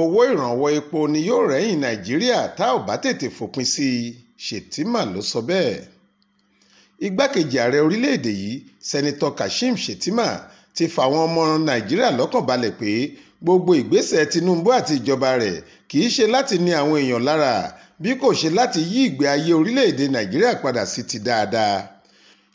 owó ìrànwọ́ epo ni yóò rẹ́yìn nàìjíríà tá ò bá tètè fòpin sí i shettima ló sọ bẹ́ẹ̀ igbákejì ààrẹ orílẹ̀-èdè yìí sẹ́nitọ́ kashim shettima ti fàwọn ọmọ nàìjíríà lọ́kàn balẹ̀ pé gbogbo ìgbésẹ̀ tinubu àti ìjọba rẹ̀ kì í ṣe láti ní àwọn èèyàn lára bí kò ṣe láti yí ìgbé ayé orílẹ̀-èdè nàìjíríà padà sí ti dáadáa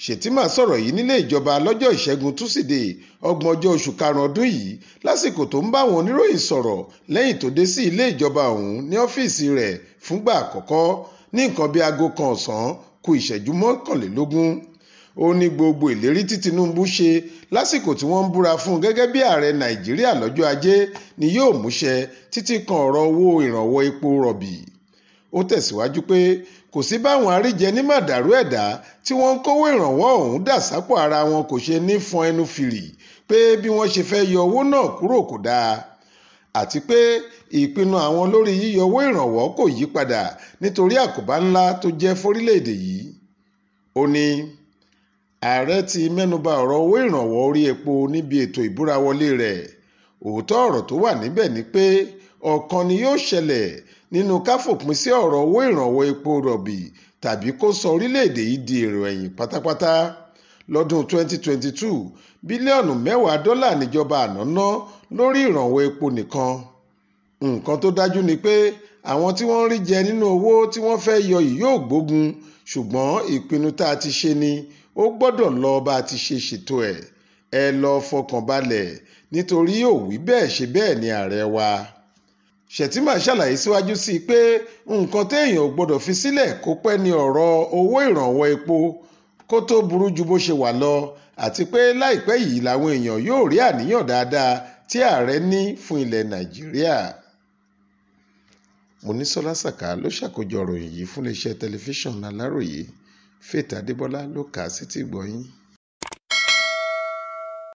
Shettima sọ̀rọ̀ yìí nílé ìjọba lọ́jọ́ ìṣẹ́gun túsídẹ̀ẹ́ ọgbọ̀njọ́ oṣù karùn-ún ọdún yìí lásìkò tó ń bá àwọn oníròyìn sọ̀rọ̀ lẹ́yìn tó dé sí ilé ìjọba ọ̀hún ní ọ́fíìsì rẹ̀ fúngbà àkọ́kọ́ ní nǹkan bíi aago kan ọ̀sán kù ìṣẹ́jú mọ́kànlélógún ó ní gbogbo ìlérí tí Tinubu ṣe lásìkò tí wọ́n ń búra fún gẹ́gẹ́ bí ààrẹ Nàìjíríà lọ́jọ́ ajé ni yóò múṣẹ títí kan ọ̀rọ̀ owó ìrànwọ́ epo rọ̀bì ó tẹ̀síwájú pé kò sí báwọn àríjẹ ní màdàrú ẹ̀dá tí wọ́n ń kówó ìrànwọ́ ọ̀hún dà sápò ara wọn kò ṣe ní fọn ẹnu fìrì pé bí wọ́n ṣe fẹ́ yọ owó náà kúrò kò dáa àti pé ìpinnu àwọn lórí yíyọ owó ìrànwọ́ kò yí padà nítorí àkóbá ńlá tó jẹ́ fórílẹ̀-èdè yìí ó ní ààrẹ ti mẹ́nuba ọ̀rọ̀ owó ìrànwọ́ orí epo níbi ètò ìbúrawọlé rẹ̀ òótọ́ ọ̀rọ̀ tó wà níbẹ̀ ni pé ọ̀kan ni yóò ṣẹlẹ̀ nínú ká fòpin sí ọ̀rọ̀ owó ìrànwọ́ epo rọ̀bì tàbí kó sọ orílẹ̀-èdè yìí di èrò ẹ̀yìn pátápátá lọ́dún 2022 bílíọ̀nù mẹ́wàá dọ́là níjọba àná ná lórí ìrànwọ́ epo nìkan nǹkan tó dájú ni pé àwọn tí wọ́n ń rí jẹ nínú owó tí wọ́n fẹ́ yọ yìí yóò gbógun ṣùgbọ́n ìpinnu tá a ti ṣe ni ó gbọ́dọ̀ lọ bá a ti ṣe ṣètò ẹ̀ ẹ lọ́ọ́ fọkàn balẹ̀ nítorí ó wí bẹ́ẹ̀ ṣe bẹ́ẹ̀ ni ààrẹ wa Shettima ṣàlàyé síwájú sí i pé nǹkan téèyàn ò gbọ́dọ̀ fi sílẹ̀ kó pẹ́ ní ọ̀rọ̀ owó ìrànwọ́ epo kó tó burú ju bó ṣe wà lọ àti pé láìpẹ́ yìí làwọn èèyàn yóò rí àníyàn dáadáa tí ààrẹ ní fún ilẹ̀ Nàìjíríà. Monísọ́lá Sàká ló ṣàkójọ ìròyìn yìí fún iléeṣẹ́ tẹlifíṣàn Aláròyé Faith Adébọ́lá ló kà á sétí ìgbọ́ yín.